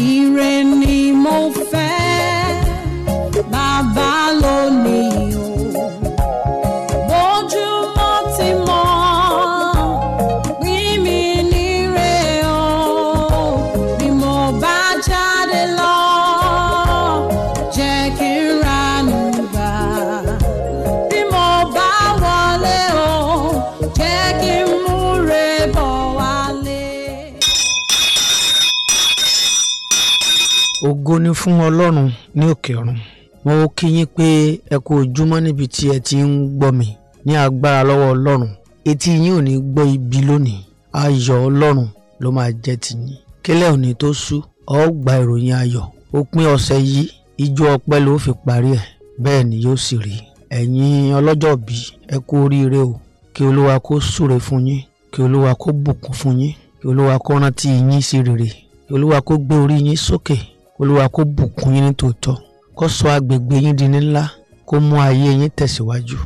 Si, re, ni, mo, ògo ni fún ọlọ́run ní òkè ọ̀run mo kí yín pé ẹ kú ojúmọ́ níbi tí ẹ ti ń gbọ́ mi ní agbára lọ́wọ́ ọlọ́run etí yín ò ní gbọ́ ibi lónìí ayọ̀ ọlọ́run ló máa jẹ́ tiyín kílẹ̀ òní tó sú ọ gba ìròyìn ayọ̀ òpin ọ̀sẹ̀ yìí ijó ọpẹ́ ló fi parí ẹ̀ bẹ́ẹ̀ ni yóò sì rí ẹ̀yin ọlọ́jọ́ bí ẹ kú oríire o kí olúwa kó súre fún yín kí olúwa kó bùkún fún yín kí olúwa kó rántí yín sí rere kí olúwa kó gbé orí yín sókè olúwa kó bùkún yín ní tòótọ́ kó sọ agbègbè yín di ńlá kó mú ayé yín tẹ̀síwájú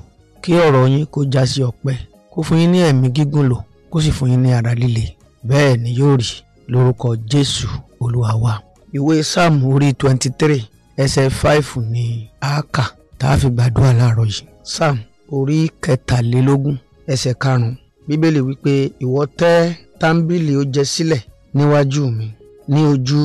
kí ọ̀rọ̀ yín kó já sí ọpẹ́ kó fún yín ní ẹ̀mí gígùn lò kó sì fún yín ní ara líle bẹ́ẹ̀ ni yóò rí lórúkọ jésù olúwa wa. ìwé sáàmù orí twenty three ẹsẹ̀ five ni a kà tá a fi gbàdúrà láàárọ̀ yìí sáàmù orí kẹtàlélógún ẹsẹ̀ karùn-ún bíbélì wípé ìwọ tẹ́ tábìlì oúnjẹ sílẹ̀ níwájú mi ní ojú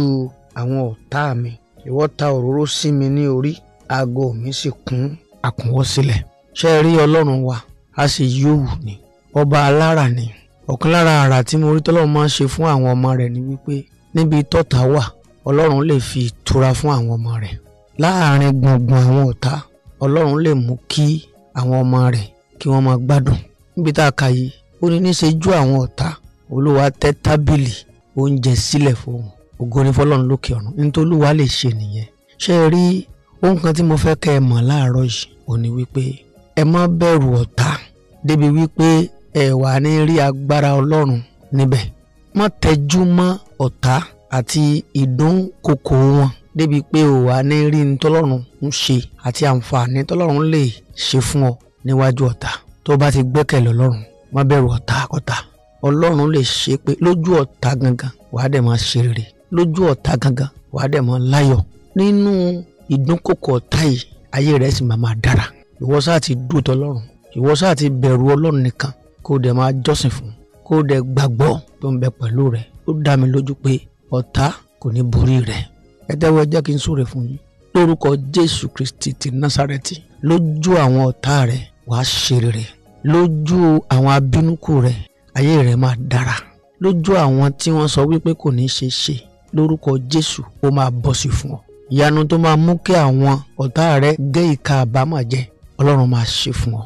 àwọn ọ̀tá mi ìwọ ta òróró sí mi ní orí aago mi sì kún àkúnwọ́ sílẹ̀ ṣé ẹ rí ọlọ́run wa a sì yóò ní ọba alára ni ọ̀kan lára àrà tí mo rí tọ́lọ́run máa ń ṣe fún àwọn ọmọ rẹ̀ ni wípé níbi tọ́ta wà ọlọ́run lè fi ìtura fún àwọn ọmọ rẹ̀ láàárín gbùngbùn àwọn ọ̀tá ọlọ́run lè mú kí àwọn ọmọ rẹ̀ kí wọ́n máa gbádùn níbi tá a kà yìí ó ní níṣe ju àwọn ọ̀tá olúwa tẹ́ tábìlì oúnjẹ sílẹ̀ fún ògo ni fọlọ́run lókè ọ̀run nítorí olúwa lè ṣe nìyẹn ṣé ẹ rí ohun kan tí mo fẹ́ kẹ́ ẹ mọ̀ láàárọ̀ yìí ò ní wípé ẹ má bẹ̀rù ọ̀tá débi wípé ẹ wà ní rí agbára ọlọ́run níbẹ̀ má tẹjú mọ́ ọ̀tá àti ìdúnkokò wọn débi pé ò wà ní rí ní tọ́lọ́run ń ṣe àti àǹfààní tọ́lọ́run lè ṣe fún ọ níwájú ọ̀tá tó bá ti gbẹ́kẹ̀lé ọlọ́run má bẹ̀rù ọ̀tá kọ́tá ọlọ́run lè ṣe pé lójú ọ̀tá gangan wàá dẹ̀ máa ṣe rere lójú ọ̀tá gangan wàá dẹ̀ mọ́ láyọ̀ nínú ìdúnkòkò ọ̀tá yìí ayé rẹ̀ sì máa máa dára ìwọ sáà ti dúró tọlọ́run ìwọ sáà ti bẹ̀rù ọlọ́run nìkan kó dẹ̀ máa jọ́sìn fún kó dẹ̀ gbàgbọ́ tó ń bẹ pẹ̀lú rẹ̀ ó dá mi lójú pé ọ̀tá kò ní borí rẹ̀ ẹ tẹ́wọ́ ẹ kí n súre fún yín lórúkọ jésù kristi ti násàrẹ́tì lójú àwọn ọ̀tá rẹ̀ wàá ṣe rere lójú àwọn abínúkù rẹ̀ ayé rẹ̀ máa dára lójú àwọn tí wọ́n sọ wípé kò ní ṣe ṣe lórúkọ Jésù ó máa bọ́ sí fún ọ ìyanu tó máa mú kí àwọn ọ̀tá rẹ gé ìka àbámọ̀ jẹ ọlọ́run máa ṣe fún ọ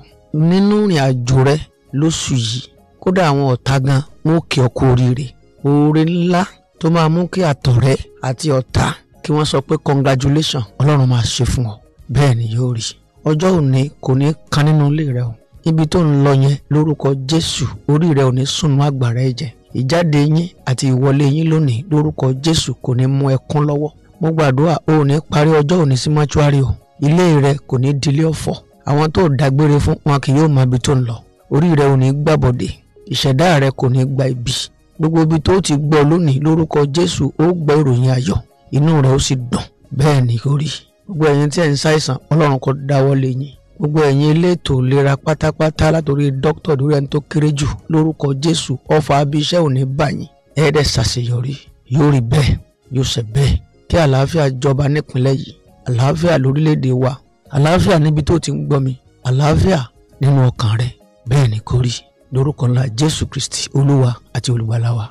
nínú ìrìn àjò rẹ lóṣù yìí kódà àwọn ọ̀tá gan wọn ò kí ọ kú oríire oore ńlá tó máa mú kí àtọ̀rẹ́ àti ọ̀tá kí wọ́n sọ pé congratulation ọlọ́run máa ṣe fún ọ bẹ́ẹ̀ ni yóò rí ọjọ́ òní kò ní kan nínú ilé rẹ o ibi tó ń lọ yẹn lórúkọ Jésù orí rẹ sùnmọ́ àgbàrá ẹ̀jẹ̀ ìjáde yín àti ìwọlé yín lónìí lórúkọ Jésù kò ní mú ẹkún lọ́wọ́ mo gbàdúrà o ò ní parí ọjọ́ òní sí mọ́ṣúárì o ilé rẹ kò ní dilé ọ̀fọ̀ àwọn tó dágbére fún wọn kì yóò máa bi tó ń lọ orí rẹ ò ní gbàbọ̀dé ìṣẹ̀dá rẹ kò ní gba ibi gbogbo ibi tó ti gbọ́ lónìí lórúkọ Jésù ó gbọ́ ìròyìn ayọ̀ inú rẹ ó sì dùn bẹ́ẹ̀ ni ó rí gbogbo ẹ̀yin tí ẹ̀ ń ṣàìsàn Ọlọ́run kò dáwọ́ lé yín gbogbo ẹ̀yin elétò ìlera pátápátá látòrí dókítà lórí ẹni tó kéré jù lórúkọ jésù ọfà abiṣẹ́ òní báyìí ẹ̀ẹ́dẹ̀ ṣàṣeyọrí yóò rí bẹ́ẹ̀ yóò ṣe bẹ́ẹ̀ kí àlàáfíà jọba nípìnlẹ̀ yìí àlàáfíà lórílẹ̀‐èdè wa àlàáfíà níbi tó ti ń gbọ́ mi àlàáfíà nínú ọkàn rẹ bẹ́ẹ̀ ni kò rí lórúkọ ńlá jésù kristi olúwa àti olùgbàlà wa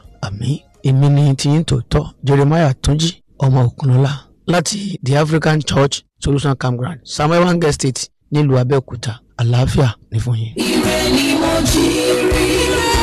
èmi ni tiyín tòótọ́ jeremiah túnjí ọmọ òkunlọ́lá láti the african church solution campground samuel wange state nílùú Abẹ́òkúta àlàáfíà ní fún yín. ire ni mo jí rí rẹ́.